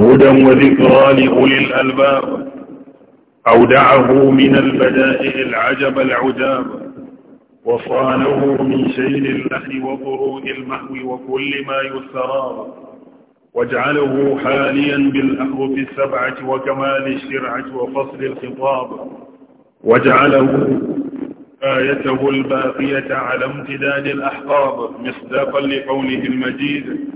هدى وذكرى لأولي الألباب أودعه من البدائع العجب العجاب وصانه من شيل اللحن وضروء المهو وكل ما يستراب واجعله حاليا بالأحرف السبعة وكمال الشرعة وفصل الخطاب واجعله آيته الباقية على امتداد الأحقاب مصداقا لقوله المجيد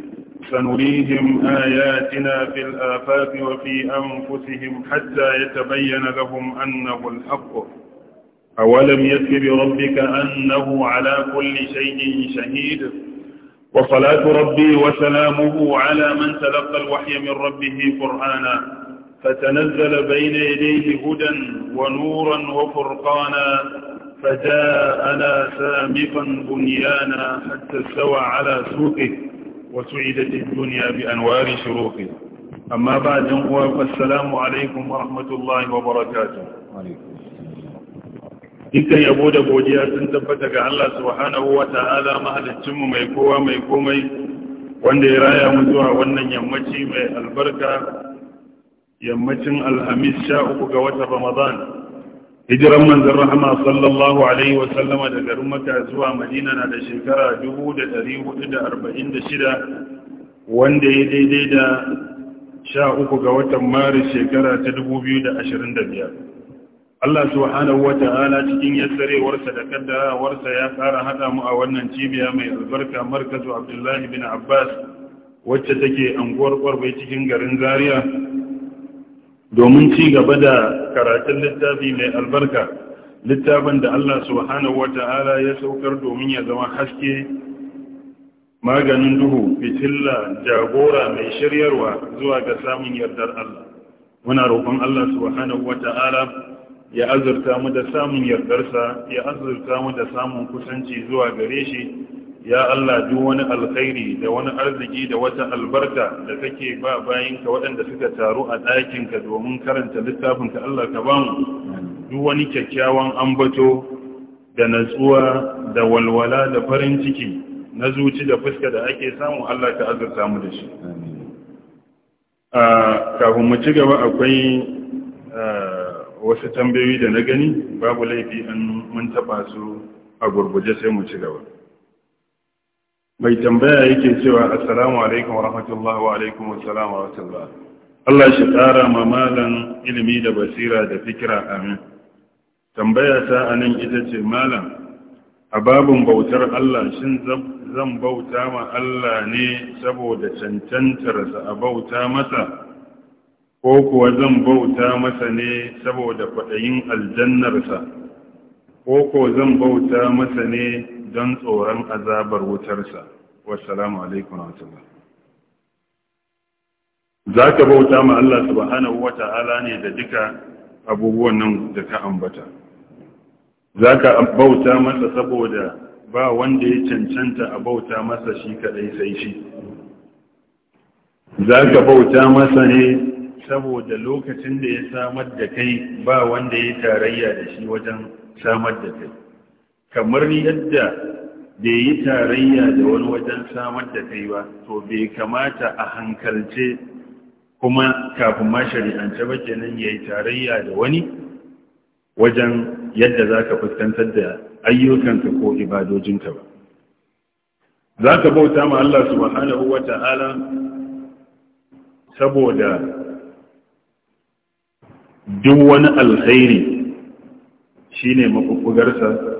سنريهم آياتنا في الآفاق وفي أنفسهم حتى يتبين لهم أنه الحق أولم يك بربك أنه على كل شيء شهيد وصلاة ربي وسلامه على من تلقى الوحي من ربه قرآنا فتنزل بين يديه هدى ونورا وفرقانا فجاءنا سامقا بنيانا حتى استوى على سوقه Wasu وسعدت الدنيا بأنوار ba أما بعد السلام عليكم ورحمة الله وبركاته Dukkan yabo da godiya sun tabbatar ga Allah subhanahu wa ta'ala mahalicinmu mai kowa mai komai wanda ya raya mu zuwa wannan yammaci mai albarka yammacin alhamis sha uku ga watan Ramadan hijirar manzan rahama sallallahu alaihi wasallama da garin maka zuwa madina na da shekara 446 wanda ya daidai da 13 ga watan maris shekara ta 2025 Allah subhanahu wa ta'ala cikin yassarewarsa da kaddarawarsa ya kara haɗa mu a wannan cibiya mai albarka markazu abdullahi bin abbas wacce take anguwar kwarbai cikin garin zaria domin ci gaba da karatun littafi mai albarka littafin da Allah subhanahu Ta'ala ya saukar domin ya zama haske maganin duhu fitilla jagora mai shiryarwa zuwa ga samun yardar Allah muna roƙon Allah subhanahu Ta'ala ya azurta mu da samun yardarsa ya azurta mu da samun kusanci zuwa gare shi ya Allah duk wani alkhairi da wani arziki da wata albarka da kake ba bayinka waɗanda suka taru a ɗakinka domin karanta littafinka Allah ka bamu? duk wani kyakkyawan ambato da natsuwa da walwala da farin ciki na zuci da fuska da ake samu Allah ka azurta mu da shi kafin mu ci gaba akwai wasu tambayoyi da na gani babu laifi an mun taɓa su a gurguje sai mu ci gaba mai tambaya yake cewa assalamu alaikum warahmatullahi wa alaikum assalam wa rahmatullah Allah shi tsara ma malam ilimi da basira da fikira amin tambaya ta anan ita ce malam a babun bautar Allah shin zan bauta ma Allah ne saboda sa a bauta masa ko kuwa zan bauta masa ne saboda kwaɗayin aljannarsa ko ko zan bauta masa ne don tsoron azabar wutarsa wassalamu alaikum wa za ka bauta ma Allah subhanahu wa ta'ala ne da duka abubuwan nan da ka ambata za ka bauta masa saboda ba wanda ya cancanta a bauta masa shi kaɗai sai shi za ka bauta masa ne saboda lokacin da ya samar da kai ba wanda ya tarayya da shi wajen samar da kai kamar yadda bai yi tarayya da wani wajen samar da kai ba to bai kamata a hankalce kuma kafin ma shari'ance ba kenan ya yi tarayya da wani wajen yadda za ka fuskantar da ayyukanka ko ibadojinka ba za ka bauta ma Allah subhanahu wa ta'ala saboda duk wani alkhairi shine mafufugarsa.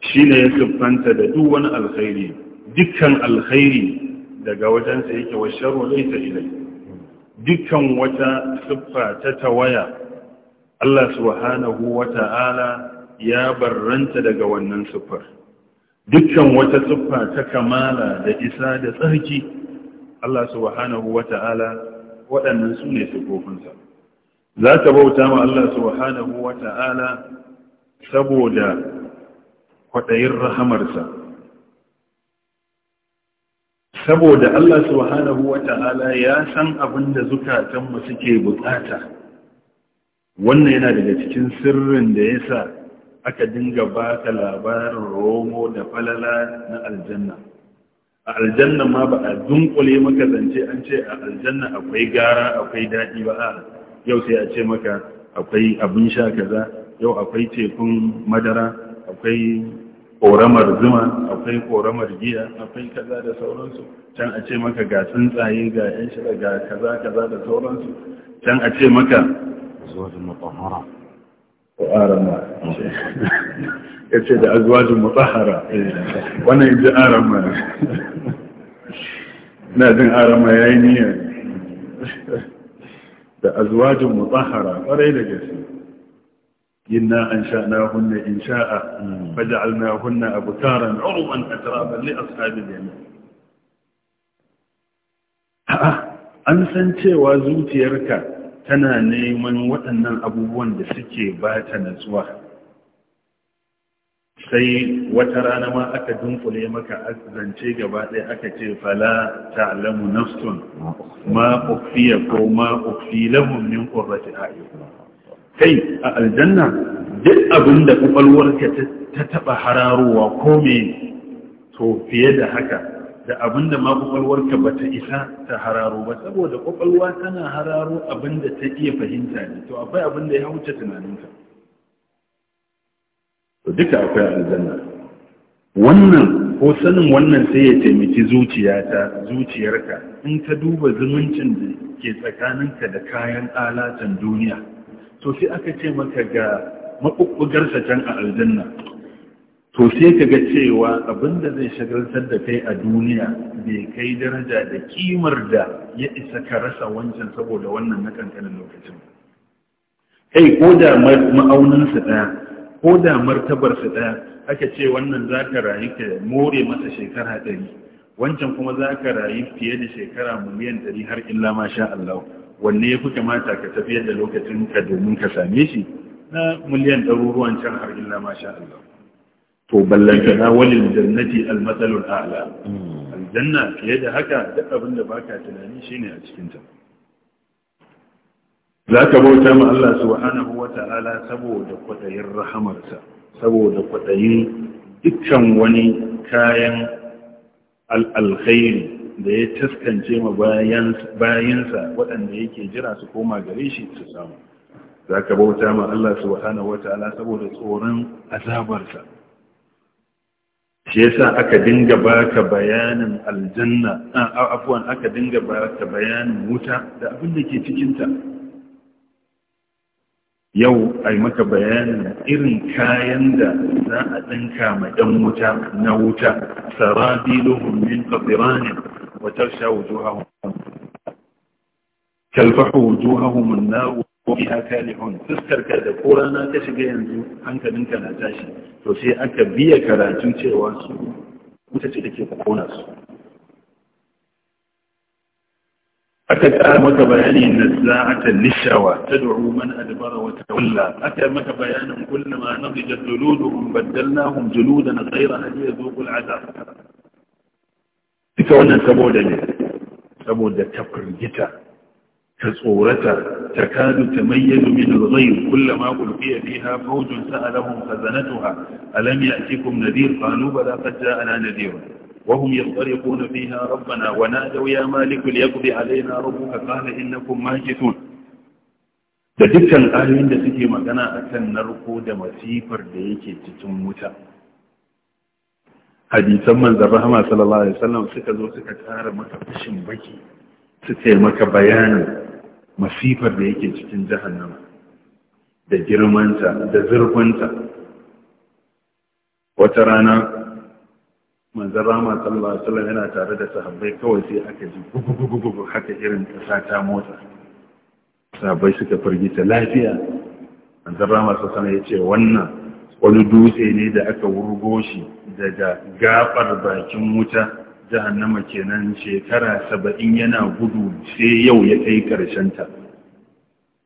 Shi ne ya siffanta da duk wani alkhairi dukkan alkhairi daga wajensa yake wa zai laysa ilai dukkan wata siffa ta tawaya Allah subhanahu wata'ala ya barranta daga wannan siffar dukkan wata siffa ta kamala da isa da tsarki Allah subhanahu wata'ala waɗannan su ne siffofinsa za ta bauta ma Allah subhanahu wata'ala saboda kwaɗayin rahamarsa saboda Allah subhanahu wa ta'ala ya san abin da zukatanmu suke bukata wannan yana daga cikin sirrin da ya sa aka dinga ba ka labarin romo da falala na aljanna a aljanna ma ba a dunkule maka zance an ce a aljanna akwai gara akwai daɗi ba a yau sai a ce maka akwai abin sha kaza yau akwai tekun madara akwai koramar zuma akwai koramar giya akwai kaza da sauransu can a ce maka ga tsuntsaye ga yan shida ga kaza kaza da sauransu can a ce maka azwajin mutahara ƙwa'ara ma ya ce da azwajin mutahara wannan yanzu aran ma na jin aran ma ya yi niyyar da azwajin mutahara ƙwarai da gaske إنا أنشأناهن إن شاء فجعلناهن أبكارا عربا أترابا لأصحاب اليمين an san cewa zuciyarka tana neman waɗannan abubuwan da suke ba ta natsuwa sai wata rana ma aka dunkule maka zance gaba ɗaya aka ce fala ta'lamu nafsun ma ukhfiya ko ma ukhfi lahum min qurrati kai a aljanna duk abin da kwakwalwarka ta taɓa hararowa ko me to fiye da haka da abin da ƙwaƙwalwarka ba ta isa ta hararo ba saboda kwakwalwa tana hararo abin da ta iya fahimta ne to akwai abin da ya wuce tunaninka to duka akwai aljanna wannan ko sanin wannan sai ya taimaki zuciyata zuciyarka in ta duba zumuncin da ke tsakaninka da kayan alatan duniya to sai aka ce maka ga sa can a aljanna to sai ka ga cewa abinda zai shagaltar da kai a duniya bai kai daraja da kimar da ya isa ka rasa wancan saboda wannan na kankanin lokacin kai ko da sa ɗaya ko da martabarsa ɗaya aka ce wannan za ka rayu ka more masa shekara ɗari wancan kuma za ka rayu fiye da shekara miliyan ɗari har illa masha sha Allah wanne ya fi kamata ka tafiyar da lokacin ka domin ka same shi na miliyan ɗaruruwan can har illa masha Allah to ballanta na wani jannati almatsalul a'la hmm. aljanna fiye da haka duk abin da baka tunani shine a cikin ta zaka bauta ma Allah subhanahu ta'ala saboda kwaɗayin rahamarsa saboda kwaɗayin dukkan wani kayan alkhairi da ya taskance ma bayansa waɗanda yake jira su koma gare shi su samu za ka bauta ma Allah su subhanahu ala saboda tsoron azabarsa shi yasa aka dinga baka bayanin aljanna afwan aka dinga baka bayanin wuta da abin da ke cikinta yau ai maka bayanin irin kayan da za a ɗinka ma ɗan wuta na wuta sarabiluhum min qatiranin وتغشى وجوههم تلفح وجوههم النار وفيها كالحون تذكر كذا قولا ما تشقى ينزو أنك منك لا تشى فسي أنك بيا كلا جنك واسو وتشقى تقول ناسو أكد آه متبياني النزاعة للشوى تدعو من أدبر وتولى أكد متبياني كلما نضجت جلودهم بدلناهم جلودا غيرها ليذوقوا العذاب duka wannan saboda ne saboda ta firgita ta tsorata ta kadu ta mayyazu min al-ghayb kullama ulqiya fiha fawjun sa'alahum khazanatuha alam ya'tikum nadhir qalu bala wana ja'ana nadhir وهم يضطرقون فيها ربنا ونادوا يا مالك ليقضي علينا ربك قال إنكم ماجثون da dukkan ayoyin da suke magana a narko da masifar da yake cikin wuta hadisan manzan rahama sallallahu alaihi wasallam suka zo suka tsara maka fashin baki suka yi maka bayanin masifar da yake cikin jahannama da girmanta da zurfinta wata rana manzan rahama sallallahu alaihi wasallam yana tare da sahabbai kawai sai aka ji gugugugugu haka irin ƙasa ta mota sahabbai suka firgita lafiya manzan rahama sallallahu alaihi wasallam ya ce wannan wani dutse ne da aka wurgo shi daga gabar bakin wuta jahannama kenan shekara saba'in yana gudu sai yau ya kai ta.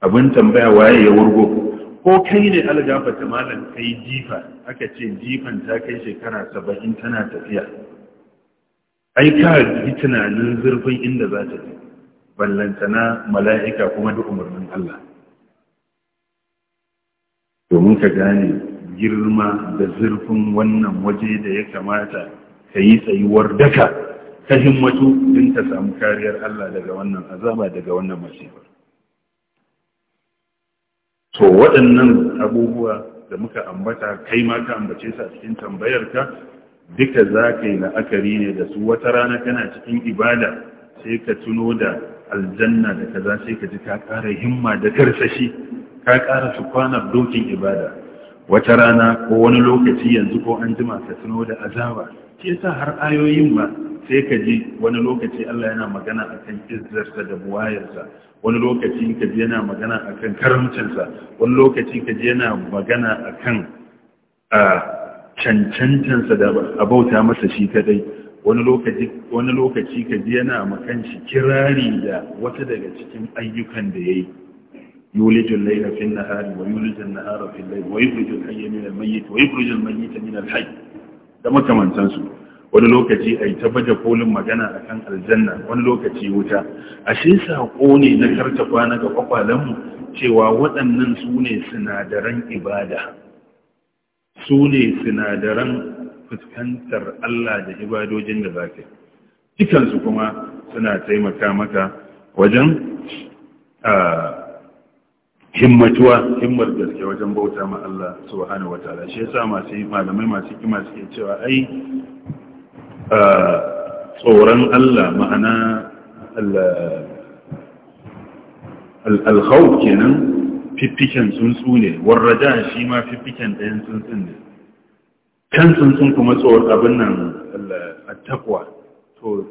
abin tambaya waye ya wurgo ko kai ne ta malam kai jifa aka ce jifan ta kai shekara saba'in tana tafiya ai ka yi tunanin zurfin inda za ta je ballantana mala'ika kuma duk umarnin Allah domin ka gane girma da zurfin wannan waje da ya kamata ka yi tsayuwar daka ka himmatu din ka samu kariyar Allah daga wannan azaba daga wannan masifar to waɗannan abubuwa da muka ambata kai ma ka ambace su a cikin tambayarka duka za ka yi la'akari ne da su wata rana kana cikin ibada sai ka tuno da aljanna da kaza sai ka ji ka ƙara himma da karsashi ka ƙara su kwanar dokin ibada wata rana ko wani lokaci yanzu ko an jima ka tuno da azaba shi yasa har ayoyin ma sai ka ji wani lokaci Allah yana magana akan izzarsa da buwayarsa wani lokaci ka ji yana magana akan karamcinsa wani lokaci ka ji yana magana akan a cancantansa da abauta masa shi kadai wani lokaci wani ka ji yana makan shi kirari da wata daga cikin ayyukan da yayi يولج الليل في النهار ويولج النهار في الليل ويخرج الحي من الميت ويخرج الميت من الحي da makamantansu wani lokaci a yi ta baje kolin magana a kan aljanna wani lokaci wuta ashe saƙo ne na karta na ga cewa waɗannan su ne sinadaran ibada su ne sinadaran fuskantar Allah da ibadojin da za ka yi kuma suna taimaka maka wajen ah, himmatuwa himmar gaske wajen bauta ma Allah subhanahu wataala shi yasa masu malamai masu kima suke cewa ai tsoron Allah ma'ana al kenan fiffiken tsuntsu ne warraja shi ma fiffiken ɗayan tsuntsun ne kan tsuntsun kuma tsoron abin nan at-taqwa to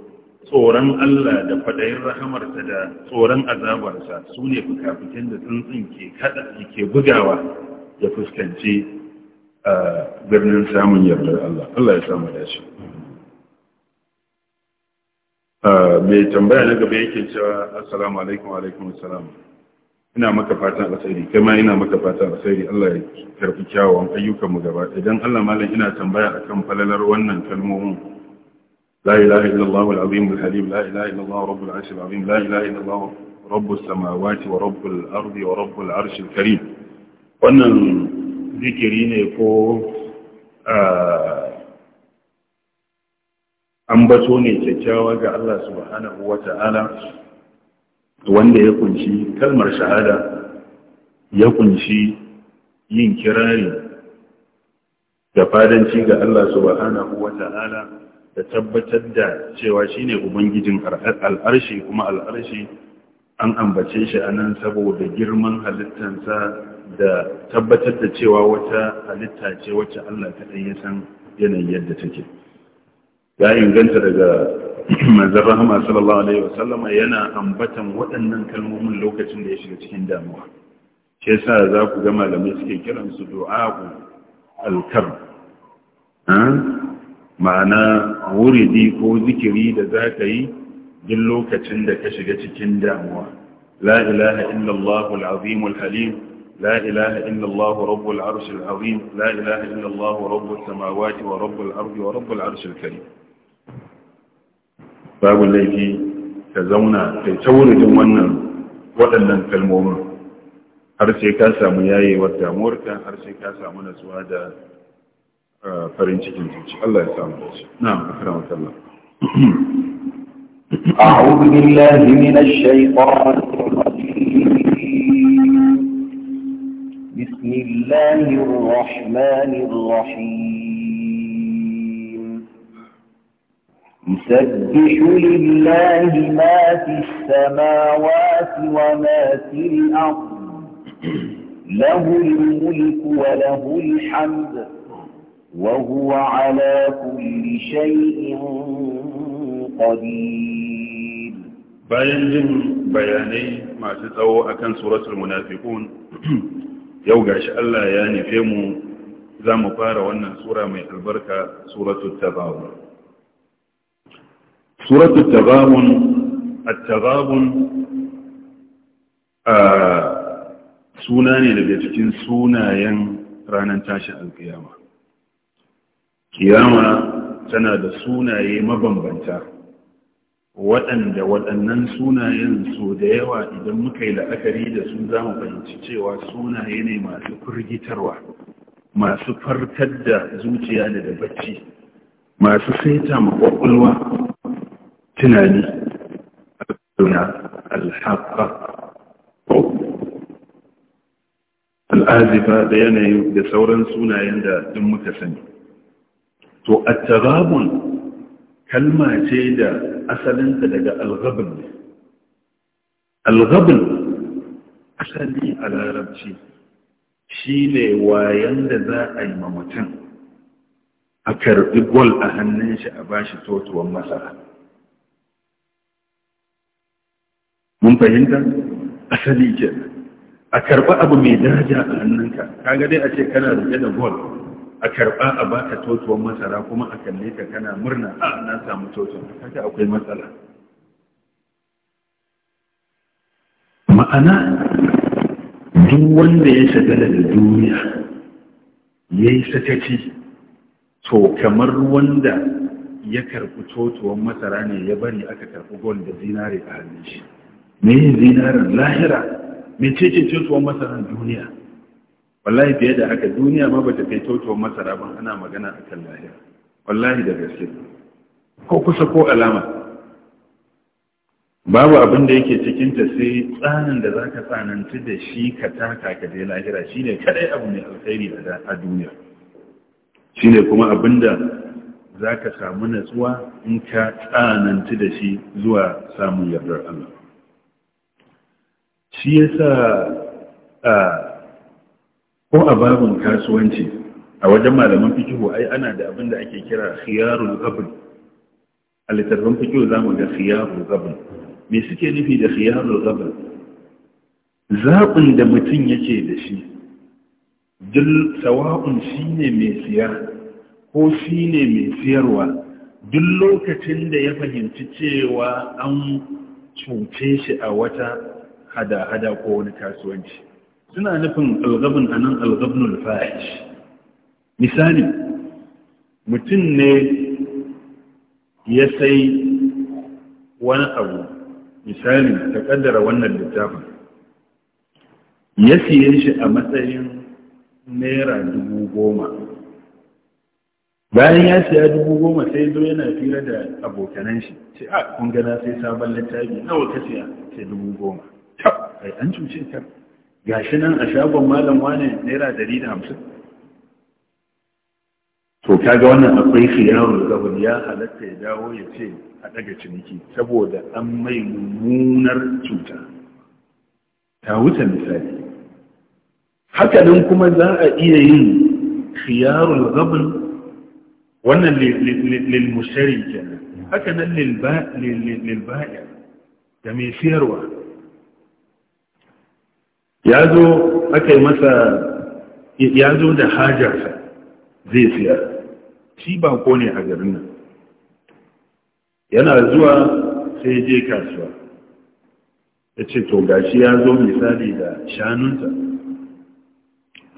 tsoron Allah da fadayin rahamarsa da tsoron azabarsa su ne fukafikin da tsuntsun ke kada ke bugawa ya fuskanci birnin samun yardar Allah Allah ya samu dace mai tambaya na gaba yake cewa assalamu alaikum alaikum assalam ina maka fatan alkhairi kai ma ina maka fatan alkhairi Allah ya karfi kyawawan ayyukan mu gaba idan Allah malam ina tambaya akan falalar wannan kalmomin لا إله إلا الله العظيم الحليم لا إله إلا الله رب العرش العظيم لا إله إلا الله رب السماوات ورب الأرض ورب العرش الكريم wannan zikiri ne ko ambato ne kyakkyawa ga Allah subhanahu wa ta'ala wanda ya kunshi kalmar shahada ya kunshi yin kirari da fadanci ga Allah subhanahu wa ta'ala da tabbatar da cewa shi shine ubangijin al'arshi kuma al'arshi an ambace shi a nan saboda girman halittansa da tabbatar da cewa wata halitta ce wacce Allah ta ya san yanayin yadda take ya inganta daga manzan rahama sallallahu alaihi wasallama yana ambatan waɗannan kalmomin lokacin da ya shiga cikin damuwa shi sa za ku ga malamai suke kiransu du'a'u alkar ma'ana wuridi ko zikiri da za ka yi duk lokacin da ka shiga cikin damuwa la ilaha illallah al-azim al-halim لا إله إلا الله رب العرش العظيم لا إله إلا الله رب السماوات ورب al ورب العرش الكريم باب الذي تزونا في تورد wannan waɗannan kalmomin. har sai ka samu yayewar damuwarka har sai ka samu natsuwa da farin cikin الله يسامحك نعم samu الله أعوذ بالله من الشيطان الرجيم بسم الله الرحمن الرحيم يسبح لله ما في السماوات وما في الأرض له الملك وله الحمد وهو على كل شيء قدير bayan jin bayanai masu tsawo a kan suratul munafiqun yau gashi Allah ya nife mu za mu fara wannan sura mai albarka suratul tabawun suratul tabawun at-tabawun suna ne daga cikin sunayen ranar tashin alkiyama kiyama tana da sunaye mabambanta waɗanda waɗannan sunayen so da yawa idan muka yi la'akari da su za mu fahimci cewa sunaye ne masu firgitarwa masu farkar da zuciya da da bacci masu saita makwakwalwa tunani alhaka al'azifa da yanayi da sauran sunayen da duk muka sani to at-taghabun kalma ce da asalinta daga al-ghabn al asali a larabci ne wayan da za a yi mutum a karbi gol a hannun shi a bashi totuwan masara mun fahimta asali ke a karba abu mai daraja a hannunka kaga dai a ce kana rike da gol a karɓa a baka ta totuwar masara kuma a kalle ta kana murna a na samu totuwar kaga akwai matsala ma'ana duk wanda ya shagala da duniya ya yi sakaci to kamar wanda ya karɓi totuwar masara ne ya bari aka karɓi gol da zinare a hannun shi me zinaren lahira me ce ce totuwar masara duniya wallahi fiye da haka duniya ma ba ta kai toto masara ban ana magana a kan lahira wallahi da gaske ko kusa ko alama babu abin da yake cikin ta sai tsanin da za ka tsananci da shi ka taka ka je lahira shi ne kadai abu mai alkhairi a duniya shi ne kuma abin da za ka samu natsuwa in ka tsananci da shi zuwa samun yardar Allah shi yasa ko a babin kasuwanci a wajen malaman fikihu ai ana da abin da ake kira khiyarul qabl a littattafan fikihu za mu ga khiyarul qabl me suke nufi da khiyarul qabl zaɓin da mutum yake da shi duk sawa'un shine mai siya ko shine mai siyarwa duk lokacin da ya fahimci cewa an cuce shi a wata hada-hada ko wani kasuwanci suna nufin algabin a nan algabnul fahish misali mutum ne ya sai wani abu misali ta kaddara wannan littafin ya siye shi a matsayin naira dubu goma bayan ya siya dubu goma sai zo yana fira da abokanan shi sai a ah, kun gana sai sabon littafi nawa ka siya sai dubu goma ai an cuce ta. ga shi nan a shagon malam wane naira dari da hamsin to kaga wannan akwai khiyarun zabun ya halatta ya dawo ya ce a daga ciniki saboda an mai mummunar cuta ta wuce misali haka nan kuma za a iya yin khiyaru zabun wannan lil mushari kenan haka nan lil ba'i da mai siyarwa ya zo aka yi masa ya zo da hajarsa zai siya shi ba ko ne a garin nan yana zuwa sai je kasuwa ya ce to gashi ya zo misali da shanunta.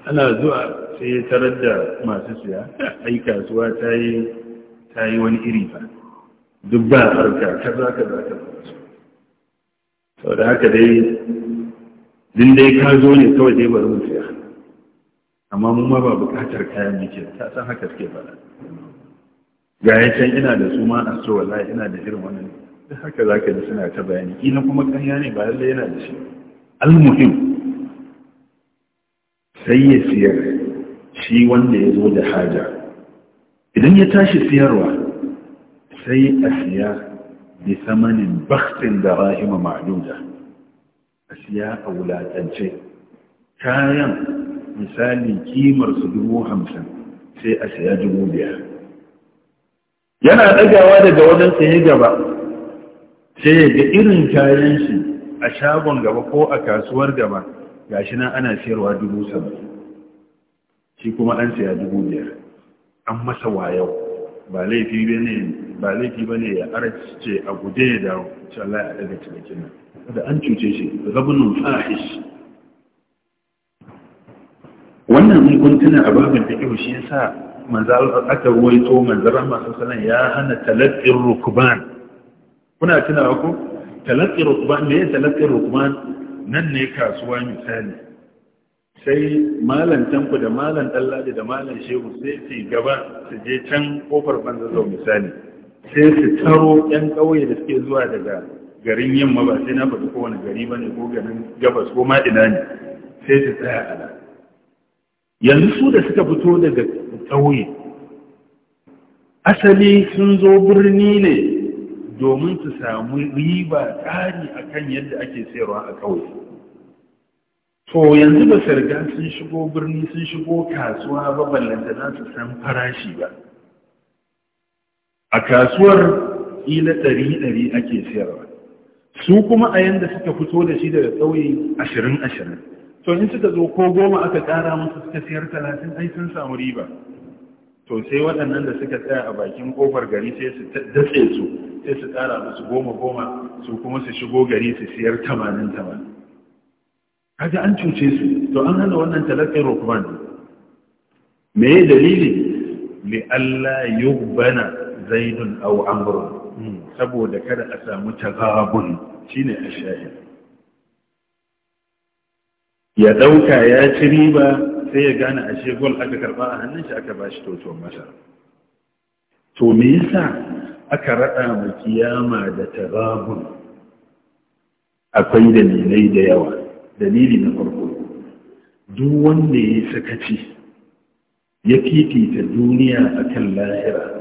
ana zuwa sai ya tarar da masu siya ai kasuwa ta yi wani iri ba duk ba harka kaza kaza kaza sau da haka dai din dai ka zo ne kawai dai bari mu saya. amma mu ma ba bukatar kayan muke ta san haka suke fara. ga ya can ina da su ma a so wallahi ina da irin wannan duk haka zaka ji suna ta bayani kila kuma ƙarya ne ba lallai yana da shi almuhim sai ya siyar shi wanda ya zo da haja idan ya tashi siyarwa sai a siya bi samanin da rahima maduda a siya a wulatance kayan misali kimar su dubu hamsin sai a siya dubu biyar yana ɗagawa daga wajen saye gaba sai ya ga irin kayan shi a shagon gaba ko a kasuwar gaba gashi nan ana siyarwa dubu saba'in shi kuma an siya dubu biyar an masa wayau ba laifi ba ne ya arce a guje da inshallah a daga cinikin nan da an cuce shi zabunun fahish wannan mai guntuna a babin da kyau shi ya sa manzal aka ruwaito manzara masu sanan ya hana talaqqir rukban kuna tuna ko talaqqir rukban me talaqqir rukban nan ne kasuwa misali sai malam tanku da malam dallade da malam shehu sai su gaba su je can kofar banzaro misali sai su taro yan kauye da suke zuwa daga garin yamma ba sai na faɗi kowane gari ba ne ko ganin gabas ko ma ina ne sai ta tsaya a nan yanzu su da suka fito daga ƙauye asali sun zo birni ne domin su samu riba tsari akan yadda ake sayarwa a ƙauye to yanzu ba su sun shigo birni sun shigo kasuwa ba ballanta za su san farashi ba a kasuwar ila ɗari-ɗari ake sayarwa su kuma a yanda suka fito da shi daga tsauyi ashirin ashirin to in suka zo ko goma aka kara musu suka siyar talatin ai sun samu riba to sai waɗannan da suka tsaya a bakin ƙofar gari sai su datse su sai su ƙara musu goma goma su kuma su shigo gari su siyar tamanin tamanin kaga an cuce su to an hana wannan talatin rukman me dalili li Allah yubbana zaidun aw amrun saboda kada a samu tazabun shine ashahi ya dauka ya ci riba sai ya gane ashe gol aka karba a hannun shi aka bashi toto masa to me yasa aka rada mu kiyama da tazabun akwai dalilai da yawa dalili na farko duk wanda ya sakaci ya fifita duniya akan lahira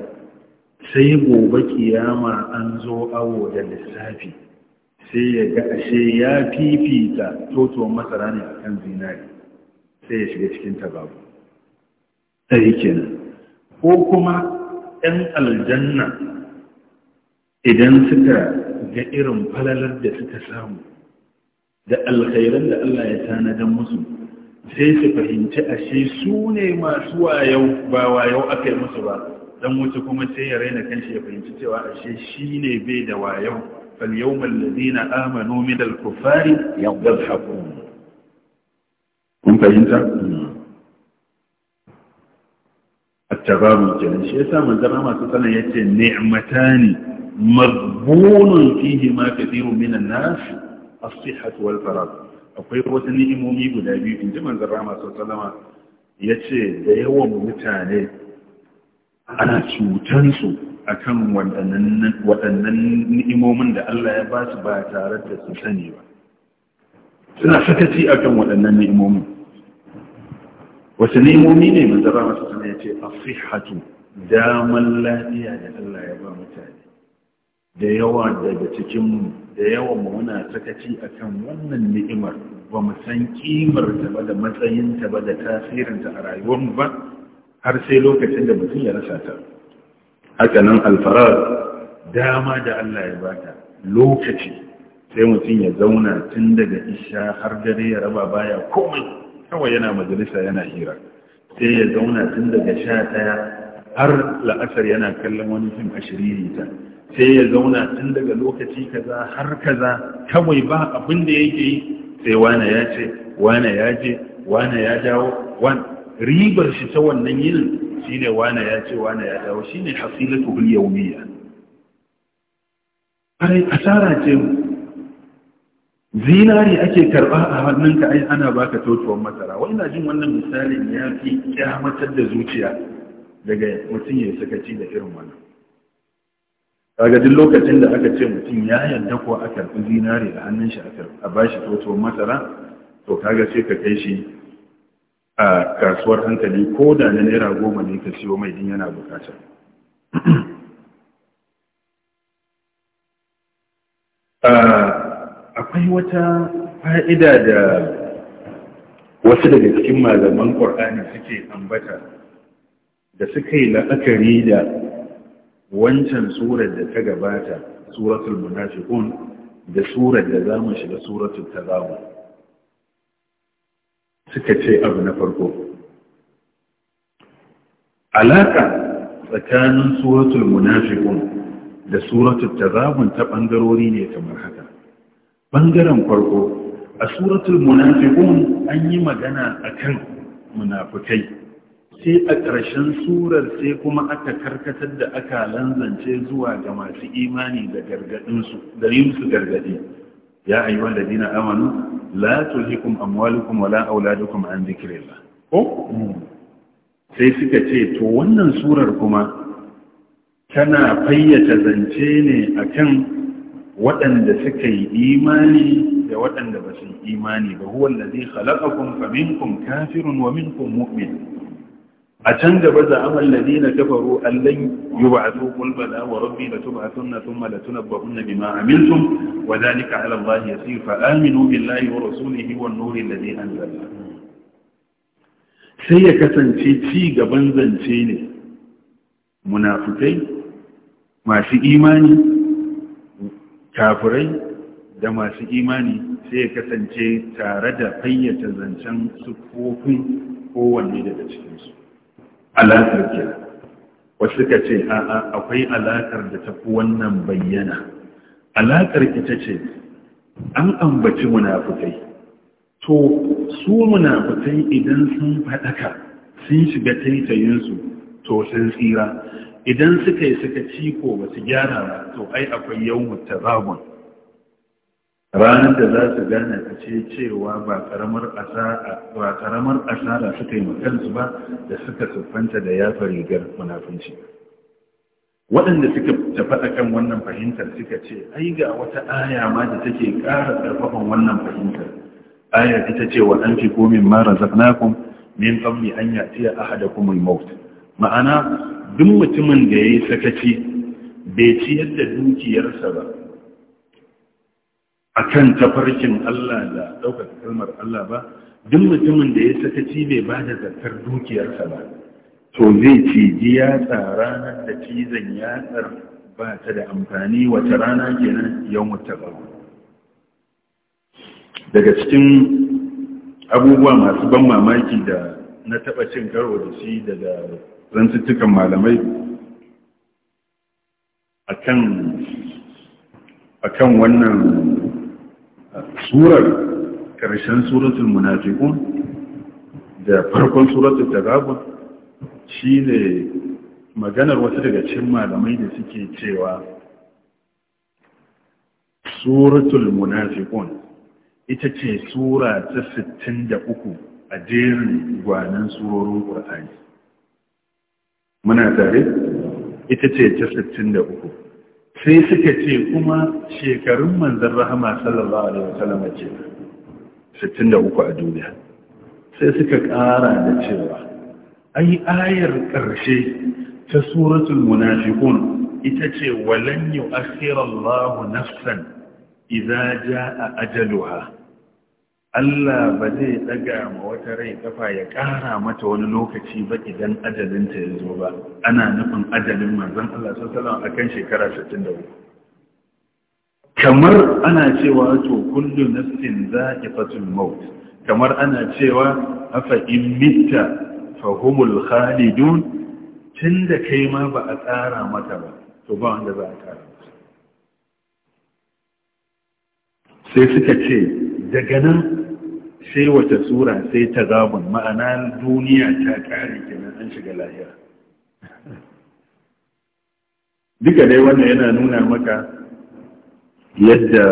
sai gobe kiyama an zo awo da lissafi sai ya ga ashe ya fifita toto masara ne a kan zinari sai ya shiga cikin tababu ɗari kenan ko kuma 'yan aljanna idan suka ga irin falalar da suka samu da alkhairan da Allah ya tanadar musu sai su fahimci ashe su ne masu wayau ba wayau aka yi musu ba dan wuce kuma sai ya raina kanshi ya fahimci cewa ashe shine bai da wayo fal yawmal ladina amanu min al kufari yadhhakun kun fahimta at-tabaru kenan shi yasa manzon Allah su sanan yace ni'matani maghbunun fihi ma kathiru min an-nas as-sihhatu wal farad akwai wasu ni'imomi guda biyu inji manzon Allah sallallahu alaihi wasallam yace da yawan mutane ana cutansu a kan waɗannan ni'imomin da Allah ya ba su ba tare da su sani ba suna sakaci a kan waɗannan ni'imomin wasu ni'imomi ne zara masu suna ya ce a fi hatu daman lafiya da Allah ya ba mutane da yawa daga cikin da yawan muna sakaci a kan wannan ni'imar ba mu san kimar ta ba da matsayinta ba da tasirinta a rayuwarmu ba har sai lokacin da mutum ya rasa ta haka nan alfarar dama da Allah ya bata lokaci sai mutum ya zauna tun daga isha har dare ya raba baya komai kawai yana majalisa yana hira sai ya zauna tun daga sha ɗaya har la'asar yana kallon wani fim ashiriri ta sai ya zauna tun daga lokaci kaza har kaza kawai ba abin da yake yi sai wane ya ce wane ya je wane ya dawo wane ribar shi ta wannan yin shi ne wane ya ce wane ya dawo shi shine hasilatu bil yawmiyya a asara ce zinari ake karɓa a hannunka ai ana baka totuwan masara wai na jin wannan misalin ya fi kyamatar da zuciya daga mutum ya ci da irin wannan kaga duk lokacin da aka ce mutum ya yarda ko a karɓi zinari a hannun shi a bashi totuwan masara to kaga sai ka kai shi a kasuwar hankali ko da na naira goma ne ka siyo mai din yana bukata akwai wata fa'ida da wasu daga cikin malaman ƙwar'ani suke ambata da suka yi la'akari da wancan surar da ta gabata suratul munafiqun da surar da za mu shiga suratul tazawun suka ce abu na farko alaka tsakanin suratul munafiqun da suratul tazabun ta bangarori ne kamar haka bangaren farko a suratul munafiqun an yi magana akan munafukai. sai a ƙarshen surar sai kuma aka karkatar da aka lanzance zuwa ga masu imani da gargadinsu da yi musu gargadi ya ayyuhal ladina amanu تلهكم tulhikum ولا wala auladukum an الله ko sai suka ce to wannan surar kuma tana fayyace zance ne akan waɗanda suka yi imani da waɗanda ba su yi imani ba huwa allazi khalaqakum faminkum kafirun wa minkum mu'min a can gaba za amal na kafaru allan a qul bala wa rabbi la tub'athunna thumma la tunabbahunna bima amiltum wa dhalika 'ala allahi yasir fa aminu billahi wa rasulihi wan nuri an anzalna sai ya kasance ci gaban zance ne munafitai, masu imani kafirai da masu imani sai ya kasance tare da fayyace zancen sufofin kowanne daga cikinsu alaƙar ke wasu suka ce a'a akwai alaƙar da ta fi wannan bayyana alaƙar ita ce an ambaci munafukai to su munafukai idan sun faɗaka sun shiga taitayinsu to sun tsira idan suka yi suka ciko ba su gyara ba to ai akwai yau ragon. ranar da za su gane a ce cewa ba karamar asara suka yi makansu ba da suka siffanta da yafa rigar munafunci waɗanda suka tafaɗa kan wannan fahimtar suka ce ai ga wata aya ma da take ƙara ƙarfafan wannan fahimtar aya ita ce wa an fi komin mara zafnakun min ƙamli an yatiya ahadakum al-maut ma'ana duk mutumin da yayi sakaci bai ciyar da dukiyarsa ba a kan tafarkin Allah da ɗaukar kalmar Allah ba duk mutumin da ya sakaci bai ba da zartar dukiyarsa ba to zai ciji yatsa ranar da cizon yatsar ba ta da amfani wata rana kenan yau ba. daga cikin abubuwa masu ban mamaki da na taɓa cin karo da shi daga rantuttukan malamai a kan wannan surar ƙarshen suratul munafiqun da farkon suratul tagabun shine maganar wasu daga cikin malamai da suke cewa suratul munafiqun ita ce sura ta 63 a jerin gwanan surorin ƙur'ani muna tare ita ce ta 63 sai suka ce kuma shekarun manzan rahama sallallahu alaihi wasallam ce 63 a duniya sai suka ƙara da cewa ai ayar ƙarshe ta suratul munafiqun ita ce walan yu'akhirallahu nafsan idza jaa ajaluha Allah ba zai daga ma wata rai kafa ya ƙara mata wani lokaci ba idan ajalinta ya zo ba ana nufin ajalin manzon Allah sallallahu alaihi akan shekara 63 kamar ana cewa to kullu nafsin za'iqatul maut kamar ana cewa afa in mitta fahumul khalidun tunda kai ma ba a tsara mata ba to ba wanda za a tsara sai suka ce daga nan sai wata sura sai ta zamun ma'ana duniya ta kare kenan an shiga lahira duka dai wannan yana nuna maka yadda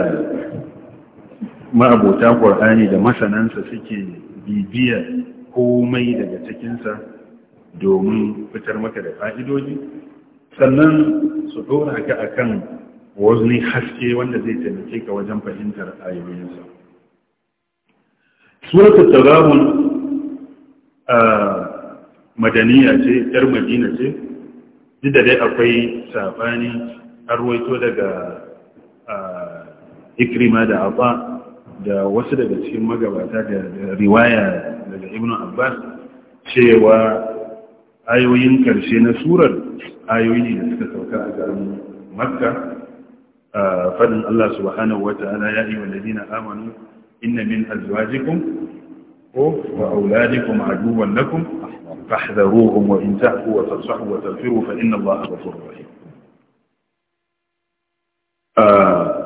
ma'abota ƙwar'ani da masanansa suke bibiya komai daga cikinsa domin fitar maka da fa'idoji sannan su ɗora ka akan wani haske wanda zai taimake ka wajen fahimtar ayoyinsa suratul tagabun madaniya ce yar madina ce duk da dai akwai sabani arwaito daga ikrima da abba da wasu daga cikin magabata da riwaya daga ibnu abbas cewa ayoyin karshe na surar ayoyi da suka sauka a garin makka fadin allah subhanahu wa ta'ala ya yi wa ladina amanu inna min azwajikum ko wa auladikum aduwwan lakum fahdharuhum wa in tahfu wa tasfahu wa taghfiru fa inna Allaha ghafurur rahim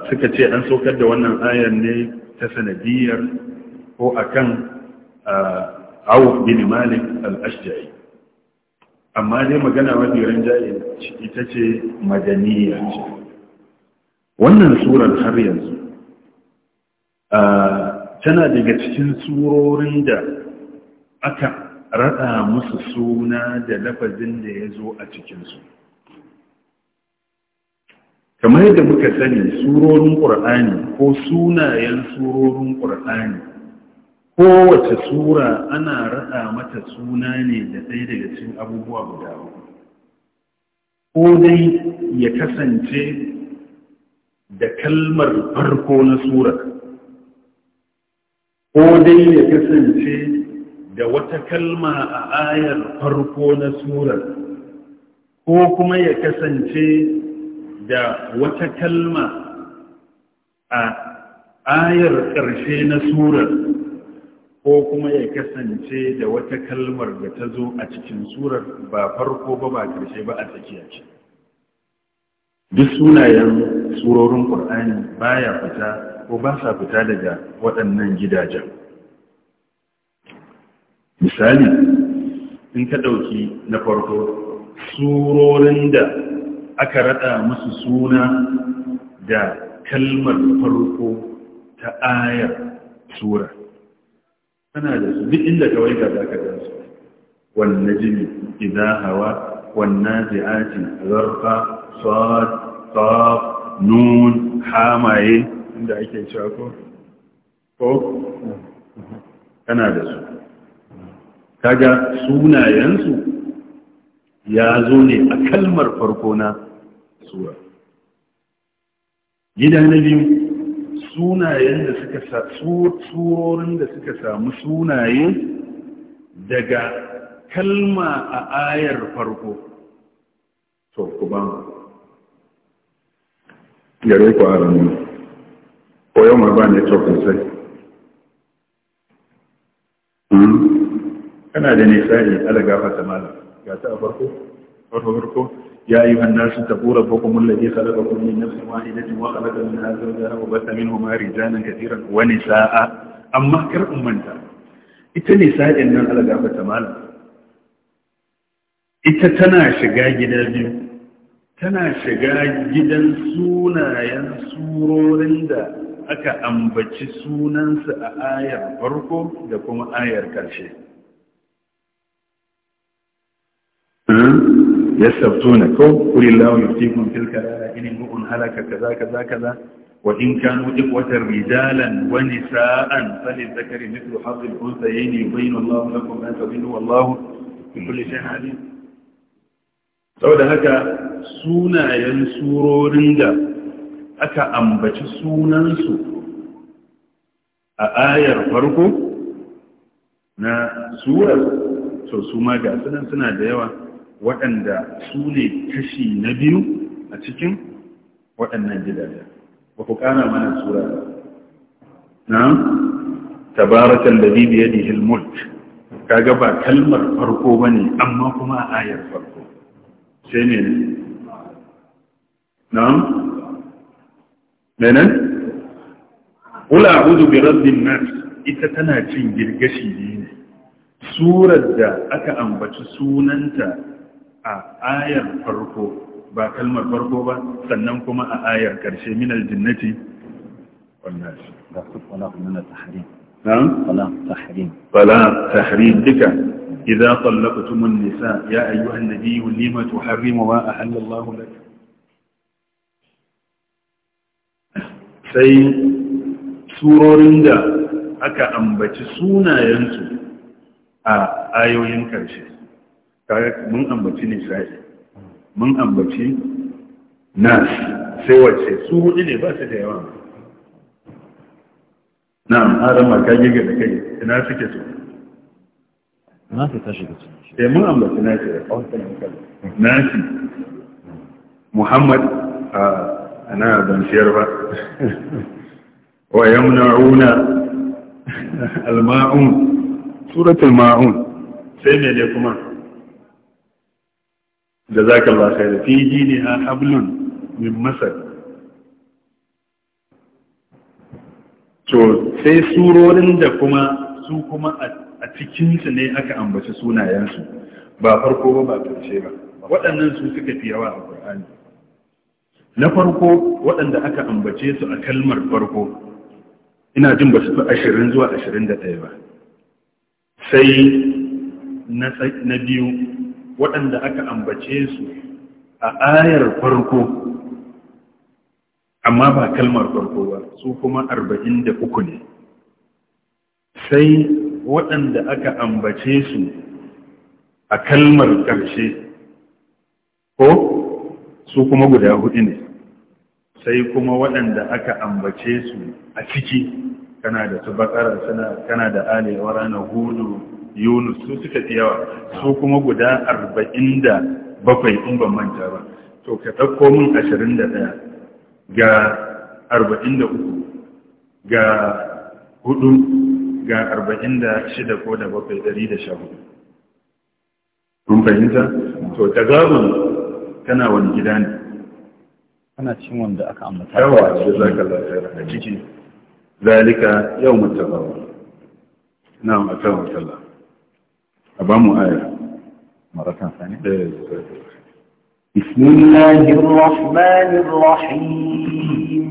suka ce an saukar da wannan ayar ne ta sanadiyar ko akan Auf bin Malik al-Ashja'i amma dai magana mafi ranjaye ita ce madaniya wannan surar har yanzu tana daga cikin surorin da aka raɗa musu suna da lafazin da ya zo a cikinsu kamar yadda muka sani surorin ƙur'ani ko sunayen surorin ƙur'ani kowace sura ana raɗa mata suna ne da ɗaya daga cikin abubuwa guda ko dai ya kasance da kalmar farko na sura. ko dai ya kasance da wata kalma a ayar farko na surar ko kuma ya kasance da wata kalma a ayar ƙarshe na surar ko kuma ya kasance da wata kalmar da ta zo a cikin surar ba farko ba ba ƙarshe ba a tsakiya ce duk sunayen surorin ƙur'ani baya fita ko ba sa fita daga waɗannan gidajen misali in ka ɗauki na farko surorin da aka raɗa musu suna da kalmar farko ta ayar sura Kana da su duk inda kawai ga za ka gansu wannan jini idan hawa wannan zi'ati zarfa sad qaf nun hamaye inda ake cewa ko kana da su kaga sunayensu ya zo ne a kalmar farko na sura gida na biyu sunayen da suka tsoron da suka samu sunaye daga kalma a ayar farko to ku ba mu gare ku a ranar ويوم máa bá نسائي كان هذا نسائي nisa'i قافة مالا mala ga ta farko يا أيها الناس تقول ربكم الذي خلقكم من نفس واحدة وخلق منها زوجها وبث منهما رجالا كثيرا ونساء أما كر أمنتا إتا نساء إنن على قافة مالا إتا تنا شقا جدا بيو تنا جدا سونا ينسورون لندا aka ambaci sunansu a ayar farko da kuma ayar ƙarshe hmm? ya sabto na ko ƙulillahu yuftikun tilka inin mu'un halaka kaza kaza kaza وإن كانوا إخوة رجالا ونساء فللذكر مثل حظ الأنثيين يبين الله لكم ما تبينوا والله بكل شيء عليم saboda haka sunayen surorin da aka ambaci sunansu a ayar farko na surar to su ma ga sunan suna da yawa waɗanda su ne kashi na biyu a cikin waɗannan gidaje ba ku ƙara mana sura na tabaratan da bibiyar da hilmult kaga ba kalmar farko ba ne amma kuma a ayar farko sai ne na menen wula a'udhu bi rabbin nas ita tana cin girgashi ne surar da aka ambaci sunanta a ayar farko ba kalmar farko ba sannan kuma a ayar karshe min aljinnati wannan wala kuma tahrim نعم طلاق تحريم طلاق تحريم بك إذا طلقتم النساء يا أيها النبي لما تحرم ما أحل الله لك sai surorin da aka ambaci sunayensu a ayoyin ƙarshe mun ambaci nisa'i mun ambaci nas sai wace su hudu ne ba su da yawa na'am haram maka giga da kai ina suke su su tashi da su sai mun ambaci nasi da kawai nasi muhammad a ah, ana ban siyar ba wa yamna'una al-ma'un suratul ma'un sai me ne kuma jazakallahu khairan fi a hablun min Masar. to sai surorin da kuma su kuma a cikinsu ne aka ambaci sunayensu ba farko ba ba karshe ba waɗannan su suka fi yawa a qurani na farko waɗanda aka ambace su a kalmar farko ina jin ba su fi ashirin zuwa ashirin da ɗaya ba sai na biyu waɗanda aka ambace su a ayar farko amma ba kalmar farko ba su kuma arba'in da uku ne sai waɗanda aka ambace su a kalmar ƙarshe ko su kuma guda hudu ne sai kuma waɗanda aka ambace su a ciki kana da su bakara kana da alewa rana hudu yunus su suka fi yawa su kuma guda arba'in da bakwai in ban manta ba to ka ɗauko min ashirin da ɗaya ga arba'in da uku ga hudu ga arba'in da shida ko da bakwai ɗari da sha hudu kun fahimta to ta zaɓin kana wani gida ne ana cikin wanda aka ambata yawa jazakallahu khairan ciki zalika yawmut tazawu na'am akan sallah abamu aya maratan sani بسم الله الرحمن الرحيم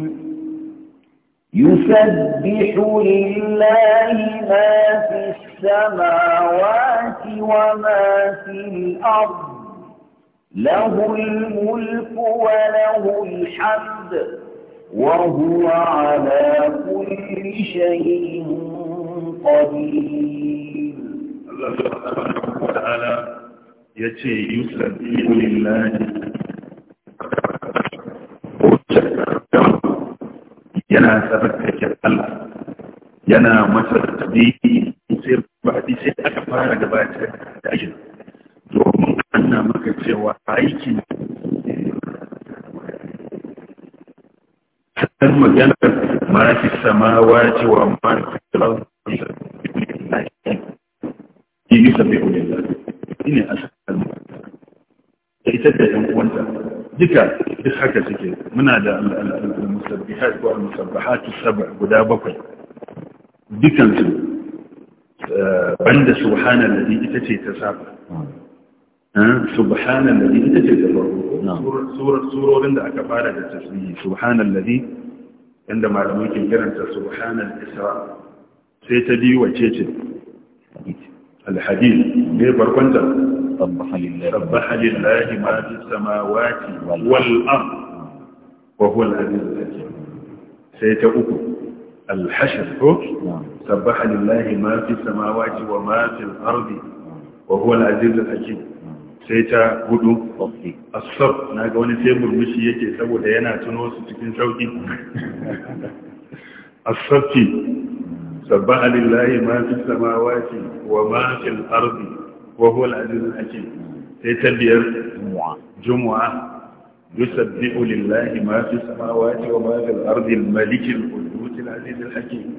يسبح لله ما في السماوات وما في الأرض له الملك وله الحمد وهو على كل شيء قدير الله سبحانه وتعالى يتي يسبح لله يا tsarkake Allah yana masa tabi'i ده بقي ديكن ااا بند سبحان الذي اتتي تساب ها سبحان الذي اتتي تساب سورة سورة عند أكبر التسبيح سبحان الذي عند معلومك جرنت سبحان الإسراء سيتدي وجيتي الحديث ليه بركنت سبح لله سبح لله ما في السماوات والأرض وهو العزيز الحكيم سيتأكل الحشر نعم. سبح لله ما في السماوات وما في الأرض وهو العزيز الحكيم نعم. سيتا هدو الصب ناقوني في مرمشي يكي سوو ديانا تنوس تكين سوكي الصب سبح لله ما في السماوات وما في الأرض وهو العزيز الحكيم سيتا بير جمعة يسبح لله ما في السماوات وما في الأرض الملك الأولى أنت العزيز الحكيم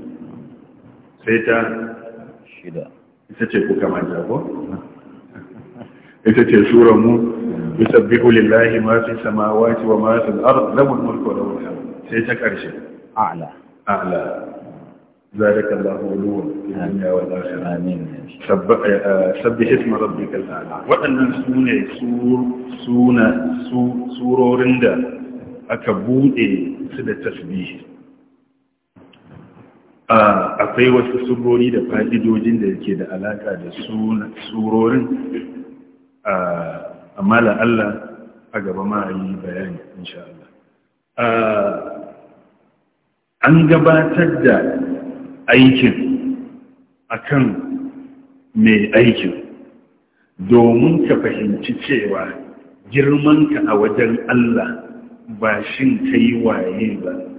سيتا شدا أنت تقول كما جابوا أنت تشور مو يسبح لله ما في السماوات وما في الأرض له الملك وله الحمد سيتا كرشة أعلى أعلى ذلك الله علوه في الدنيا والآخرة آمين آه، سبح اسم ربك الأعلى وأن سونا سور سونا سورورندا أكبوني سيدة تسبيح akwai wasu surori da fa'idojin da yake da alaƙa da surorin amma Allah a gaba ma yi bayani insha Allah an gabatar da aikin akan mai aikin domin ka fahimci cewa girmanka a wajen Allah ba shin kai waye ba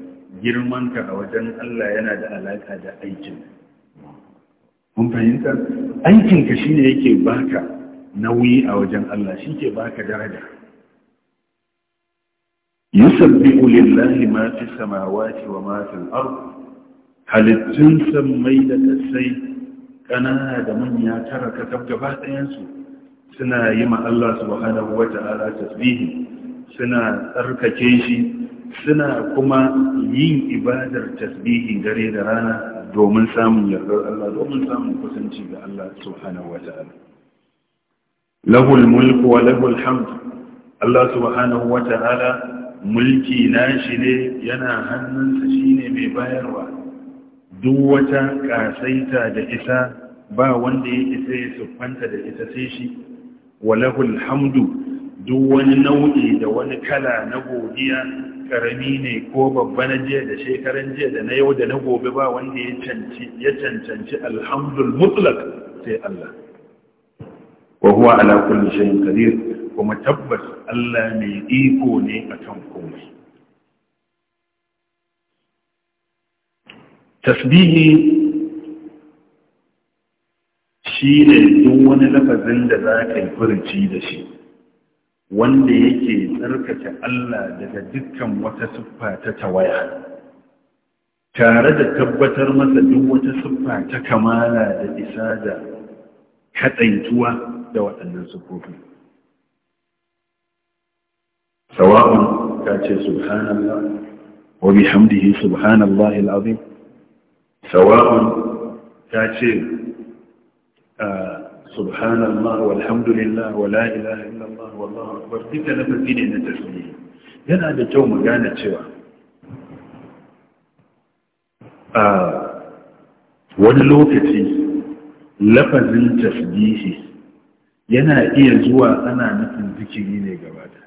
girmanka a wajen Allah yana da alaƙa da aikin mun fahimta aikinka shi ne yake baka nauyi a wajen Allah shi ke baka daraja yusabbihu lillahi ma fi samawati wa ma fi al halittun sammai da sai ƙanana da manya tara ka gaba ɗayan suna yi ma Allah subhanahu wa ta'ala tasbihi suna tsarkake shi suna kuma yin ibadar tasbihi dare da rana domin samun yardar Allah domin samun kusanci ga Allah subhanahu wa ta'ala lahul mulku wa lahul hamd Allah subhanahu wa ta'ala mulki nashi ne yana hannunsa shine mai bayarwa duk wata kasaita da isa ba wanda ya isa ya sufanta da ita sai shi wa lahul hamdu duk wani nau'i da wani kala na godiya karami ne ko babba na jiya da shekaran jiya da na yau da na gobe ba wanda ya cancanci alhamdul mutlak sai Allah wa huwa ala kulli shay'in kadir kuma tabbas Allah mai iko ne a kan komai tasbihi shi ne duk wani lafazin da za ka yi furuci da shi wanda yake tsarkake Allah daga dukkan wata siffa ta tawaya tare da tabbatar masa duk wata siffa ta kamala da isa da katsaituwa da waɗannan siffofi sawa'un ka ce subhanallah wa bihamdihi subhanallahi al'azim sawa'un ka ce uh, سبحان الله والحمد لله ولا إله إلا الله والله أكبر ne na tasiri yana da kyau mu gane cewa a wani lokaci lafazin tasbihi yana iya zuwa ana nufin zikiri ne gabata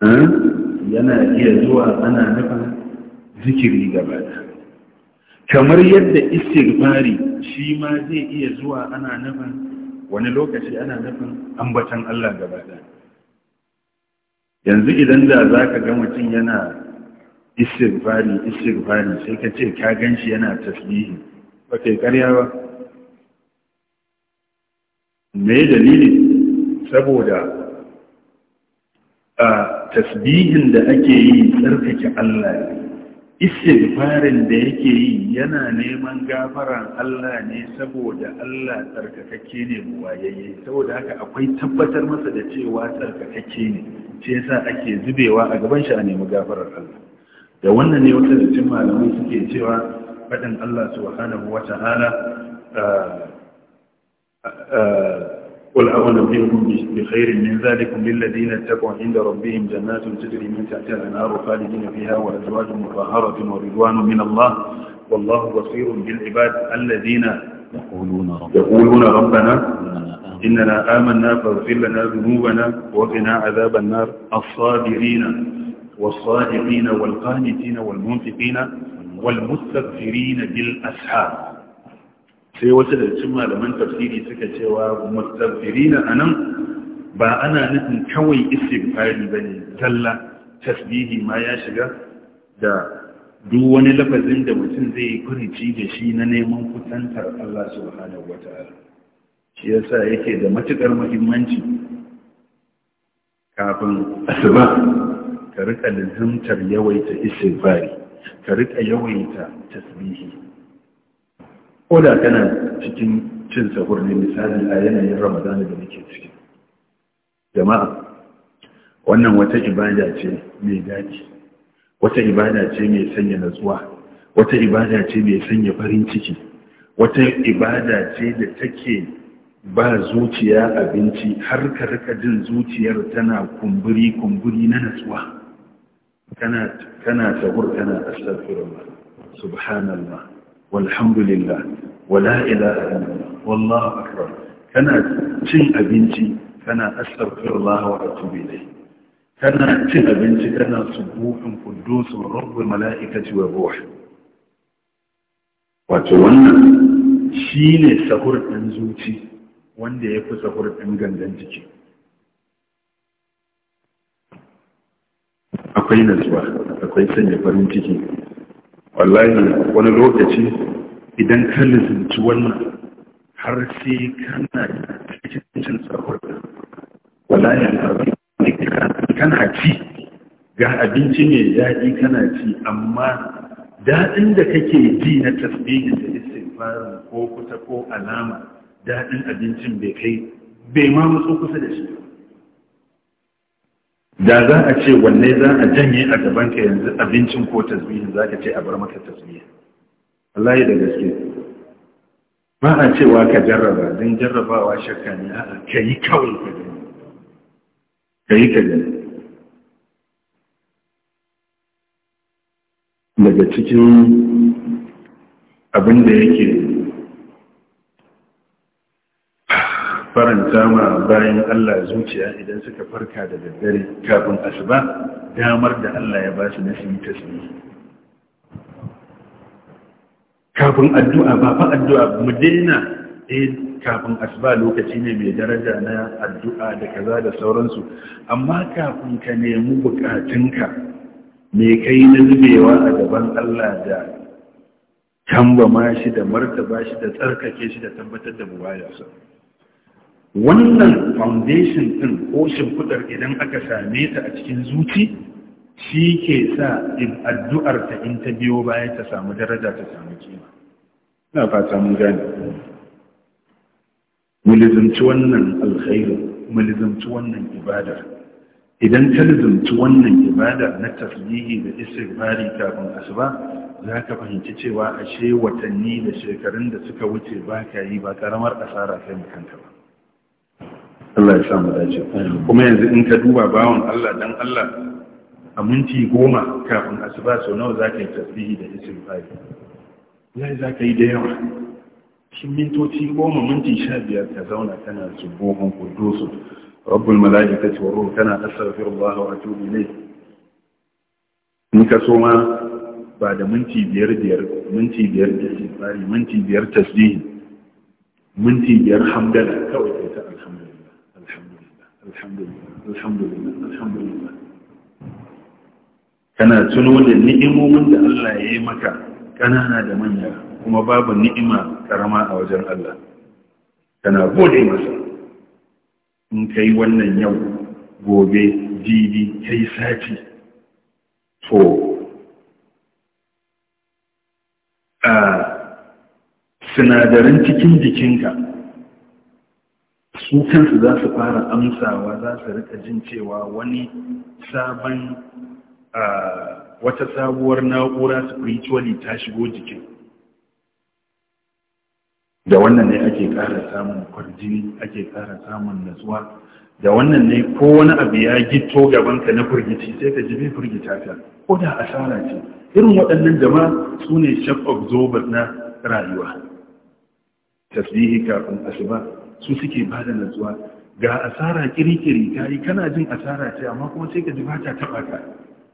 hmm? yana iya zuwa ana nufin zikiri gabata kamar yadda istighfari shi ma zai iya zuwa ana nufin wani lokaci ana nufin ambatan Allah gaba yanzu idan da za ka ga mutum yana istighfari istighfari sai ka ce ka gan shi yana tasbihi ba kai karya ba me dalili saboda a tasbihin da ake yi tsarkake Allah ne istighfarin da yake yi yana neman gafaran Allah ne saboda Allah tsarkakakke ne buwayayye saboda haka akwai tabbatar masa da cewa tsarkakakke ne shi yasa ake zubewa a gaban shi a nemi gafarar Allah da wannan ne wata da cin malamai suke cewa fadin Allah subhanahu wata'ala uh, uh, قل أولنبئكم بخير من ذلكم للذين اتقوا عند ربهم جنات تجري من تحتها الأنهار خالدين فيها وأزواج مطهرة ورضوان من الله والله بصير بالعباد الذين يقولون ربنا, يقولون ربنا إننا آمنا فاغفر لنا ذنوبنا وقنا عذاب النار الصابرين والصادقين والقانتين والمنفقين والمستغفرين بالأسحار sai wasu da cin malaman tafsiri suka cewa a anan ba ana nufin kawai ba ne. talla tasbihi ma ya shiga da duk wani lafazin da mutum zai yi kurici da shi na neman kusantar Allah subhanahu wata'ala shi sa yake da matuƙar muhimmanci kafin asuba ka rika lazimtar yawaita fari. ka rika yawaita tasbihi Koda tana cikin cin sahur ne misali a yanayin ramadana da nake ciki jama'a wannan wata ibada ce mai daji wata ibada ce mai sanya natsuwa wata ibada ce mai sanya farin ciki wata ibada ce da take ba zuciya abinci har ka rika jin zuciyar tana kumburi-kumburi na natsuwa kana sahur kana astagfirullah subhanallah والحمد لله ولا إله إلا والله أكبر كان تشين أبنتي كان أستغفر الله وأتوب إليه كان تشين أبنتي كان صبوح قدوس رب الملائكة والروح وتوانا شين سهر أنزوتي وان دي يكو سهر أنغان دانتكي akwai natsuwa akwai سنة فرنتكي wallahi wani lokaci idan ka lizinci wannan har sai kana cikin cin tsawar wallahi kana ci ga abinci mai daɗi kana ci amma daɗin da kake ji na tasbihin da istighfarin ko kusa ko alama daɗin abincin bai kai bai ma matso kusa da shi ba da za a ce wanne za a janye a gabanka yanzu abincin ko tasbihin za ka ce a bar maka tasbihin Allah da gaske ba a cewa ka jarraba don jarrabawa shakka ne a ka yi kawai ka gani ka yi ka gani daga cikin abin da yake faranta ma bayan Allah zuciya idan suka farka da daddare kafin asuba damar da Allah ya ba su na shi yi kafin addu'a ba fa addu'a mu daina eh kafin asuba lokaci ne mai daraja na addu'a da kaza da sauransu amma kafin ka nemi bukatunka me kai na zubewa a gaban Allah da kamba shi da martaba shi da tsarkake shi da tabbatar da buwayarsa wannan foundation ɗin ko shimfiɗar idan aka same ta a cikin zuci shi ke sa addu'ar ta in ta biyo baya ta samu daraja ta samu kima na fata mun gane mulizumci wannan alkhairu mulizumci wannan ibadar idan ta lizumci wannan ibadar na tasbihi da istighfari kafin asuba za ka fahimci cewa ashe watanni da shekarun da suka wuce ba ka yi ba karamar asara kai kanka ba Allah ya sa mu dace kuma yanzu in ka duba bawon Allah dan Allah a minti goma kafin asuba sau nawa za ka yi tasbihi da istighfari lai za ka yi da yawa shi mintoci goma minti sha biyar ka zauna kana subuhun kudusu rabbul mala'ikati wa ruhu kana astaghfirullah wa atubu ne? in ka so ma ba da minti biyar biyar minti biyar istighfari minti biyar tasbihi minti biyar hamdala kawai kai ta alhamdulillah kana tuno da ni'imomin da Allah ya yi maka ƙanana da manya kuma babu ni'ima karama a wajen Allah kana gode masa in kai wannan yau gobe jibi kai sati to a sinadarin cikin jikinka su kansu za su fara amsawa za su rika jin cewa wani sabon wata sabuwar na'ura spiritually ta shigo jikin da wannan ne ake ƙara samun kwarjini ake ƙara samun natsuwa da wannan ne ko wani abu ya gito gabanka na firgici sai ka jibi furgita ta ko da asara ce irin waɗannan jama su ne shaf of na rayuwa tasbihi kafin asuba su suke ba da natsuwa ga asara kirikiri ta yi kana jin asara ce amma kuma sai ka ji bata ta taɓa ka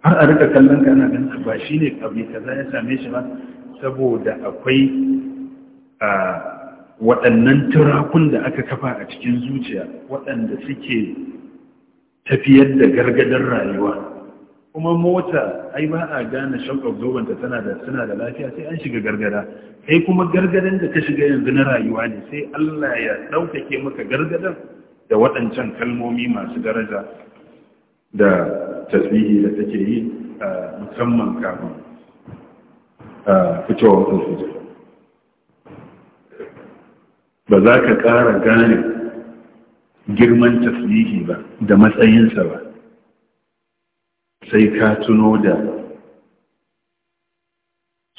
har a rika kallon ka ana ganin ba shi ne abu za ya same shi ba saboda akwai waɗannan turakun da aka kafa a cikin zuciya waɗanda suke tafiyar da gargadar rayuwa kuma mota ai ba a gane shock absorbent tana da suna da lafiya sai an shiga gargada kai kuma gargadan da ka shiga yanzu na rayuwa ne sai Allah ya daukake maka gargadan da waɗancan kalmomi masu daraja da tasbihi da take yi musamman kafin a wata tsofi ba za ka ƙara gane girman tasbihi ba da matsayinsa ba sai ka tuno da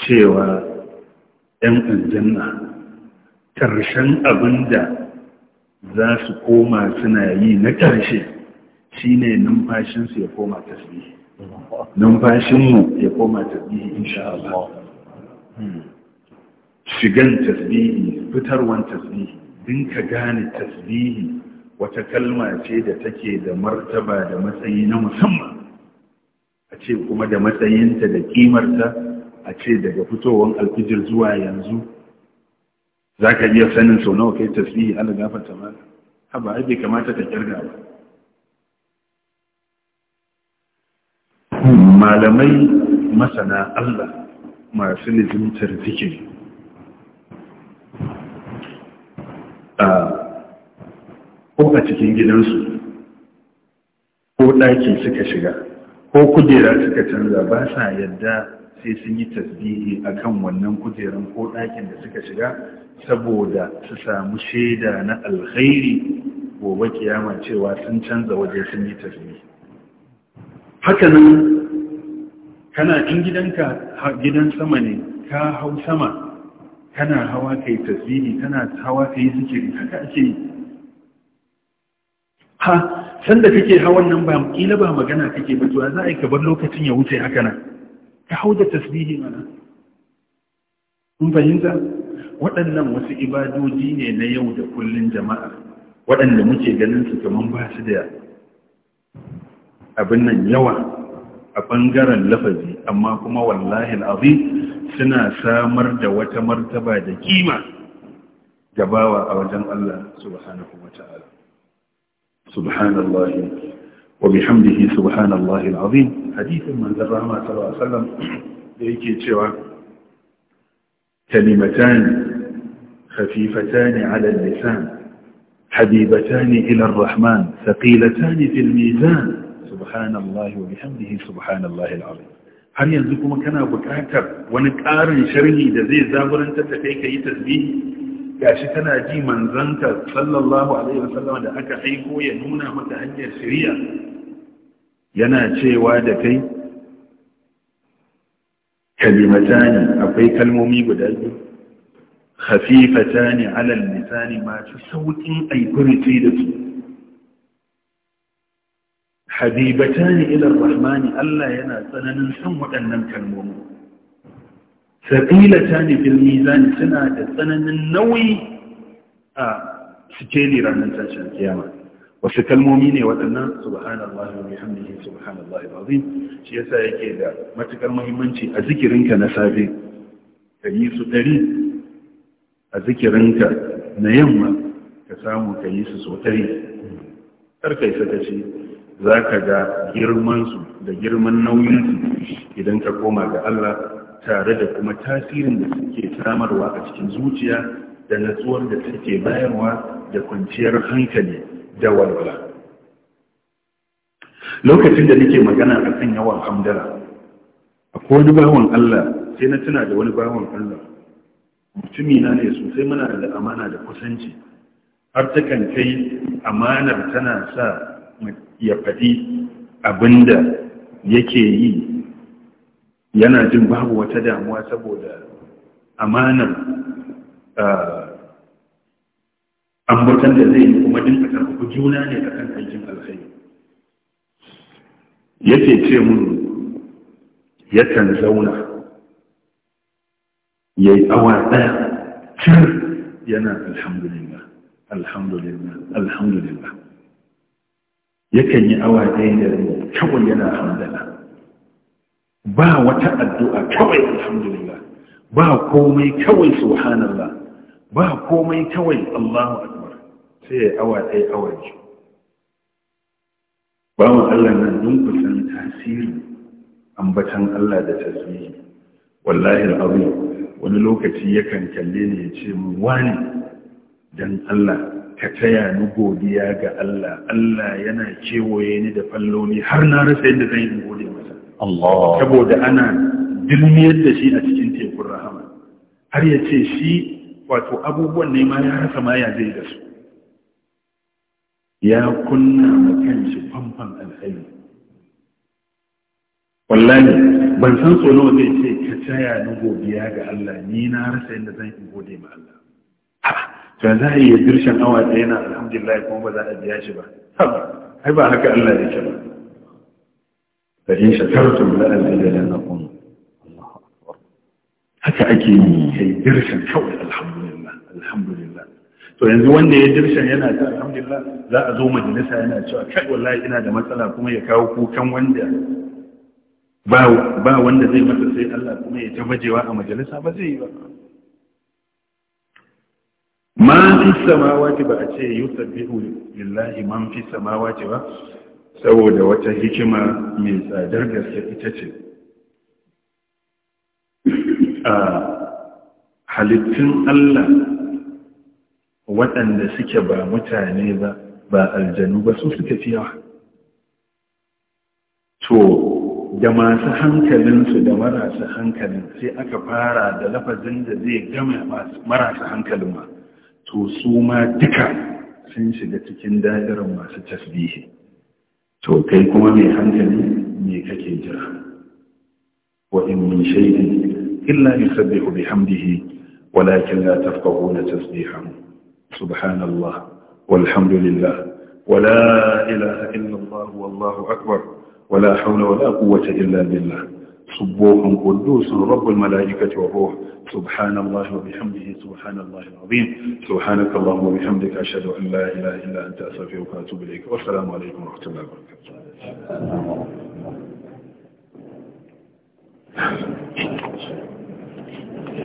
cewa ‘yan aljanna ƙarshen abin da za su koma suna yi na ƙarshe shi ne numfashinsu ya koma tasbihi numfashinmu ya koma tasbihi insha Allah shigan tasbihi fitarwan tasbihi din gane tasbihi wata kalma ce da take da martaba da matsayi na musamman a ce kuma da matsayinta da kimarta a ce daga fitowar alfijir zuwa yanzu za ka iya sanin sau nawa kai tasbihi ala gafata ma haba ai bai kamata ka kirga ba malamai masana Allah masu lizimtar zikiri ko a cikin gidansu ko ɗaki suka shiga ko kujera suka canza ba sa yadda sai sun yi tasbihi a kan wannan kujeran ko ɗakin da suka shiga saboda su samu shaida na alkhairi gobe kiyama cewa sun canza waje sun yi tasbihi Haka nan, kana in gidanka gidan sama ne ka hau sama kana hawa kai tasbihi kana hawa kai zikiri haka ake yi ha sanda kake hawan nan ba kila ba magana kake ba to za a yi ka bar lokacin ya wuce haka nan ka hau da tasbihi mana kun fahimta waɗannan wasu ibadoji ne na yau da kullun jama'a waɗanda muke ganin su kaman ba su da abin nan yawa a ɓangaren lafazi amma kuma wallahi al'azi suna samar da wata martaba da kima gabawa a wajen Allah subhanahu wa سبحان الله وبحمده سبحان الله العظيم حديث من ذر رحمة صلى الله عليه وسلم يكي تشوى كلمتان خفيفتان على اللسان حبيبتان إلى الرحمن ثقيلتان في الميزان سبحان الله وبحمده سبحان الله العظيم هل ينزكم كان بكاتب ونكار شره إذا زي أنت تتفيك يتسبيه gashi tana ji manzanta sallallahu alaihi wasallam da aka aiko ya nuna mata hanyar shiriya. yana cewa da kai kalimatani akwai kalmomi guda biyu khafifatani ala lisani masu saukin aifurci da su habibatani ila rahmani Allah yana tsananin san waɗannan kalmomi Sabila ne filmi zani suna da tsananin nauyi a sikeli ranar tashin kiyama wasu kalmomi ne waɗannan subhanallah wa bihamdihi subhanallah azim shi yasa yake da matukar muhimmanci a zikirinka na safe ka yi su ɗari a zikirinka na yamma ka samu ka yi su so ɗari karkai sakaci za ka ga girmansu da girman nauyinsu idan ka koma ga Allah tare da kuma tasirin da suke samarwa a cikin zuciya da natsuwar da suke bayarwa da kwanciyar hankali da walwala lokacin da nake magana a kan yawan hamdala akwai wani bawan Allah sai na tuna da wani bawan Allah mutumina ne sosai muna da amana da kusanci har takan kan kai amanar tana sa ya faɗi abin da yake yi yana jin babu wata damuwa saboda amanar ambatan da zai yi kuma dinka karfafa juna ne a kan aikin alkhairi yake ce mun yakan zauna ya yi awa ɗaya cir yana alhamdulillah alhamdulillah alhamdulillah yakan yi awa ɗaya da kawai yana hamdala ba wata addu'a kawai alhamdulillah ba komai kawai suhanallah. ba komai kawai Allahu akbar sai ya awa ɗaya awa biyu ba mu Allah nan dun kusan tasiri ambatan Allah da tasiri wallahi al'azim wani lokaci yakan kalle ni ya ce mu wani dan Allah ka taya ni godiya ga Allah Allah yana kewaye ni da falloli har na rasa yadda zai yi gode masa saboda ana dilmiyar da shi a cikin tekun rahama har ya ce shi wato abubuwan ne ma ya rasa ma ya zai gasu, ya kunna makan shi famfan alhaini wallahi ban san so zai ce ka caya ni gobiya ga Allah ni na rasa yadda zan yi gode ma Allah to za a iya birshen awa ɗaya na alhamdulillah kuma ba za a biya shi ba ai ba haka Allah yake ba فإن شكرتم لأزيدنكم الله أكبر haka ake yi kai dirshan kawai alhamdulillah to yanzu wanda ya dirshan yana ta alhamdulillah za a zo majalisa yana cewa kai wallahi ina da matsala kuma ya kawo kukan wanda ba wanda zai masa sai Allah kuma ya ta bajewa a majalisa ba zai yi ba ma fi samawati ba a ce yusabbihu lillahi man fi samawati ba saboda wata hikima mai tsadar gaske ita ce a halittun Allah waɗanda suke ba mutane ba ba aljanu ba su suke fiye to da masu hankalinsu da marasa hankalin sai aka fara da lafazin da zai gama marasa hankalin ma to su ma duka sun shiga cikin da'irar masu tasbihi to kai kuma mai hankali me kake jira wa in min shay'in illa yusabbihu bihamdihi walakin la tafqahuna tasbihahu subhanallah walhamdulillah wala إله illa الله والله أكبر ولا حول ولا قوة illa بالله سبوح قدوس رب الملائكة والروح سبحان الله وبحمده سبحان الله العظيم سبحانك اللهم وبحمدك أشهد أن لا إله إلا أنت أستغفرك وأتوب إليك والسلام عليكم ورحمة الله وبركاته Thank you.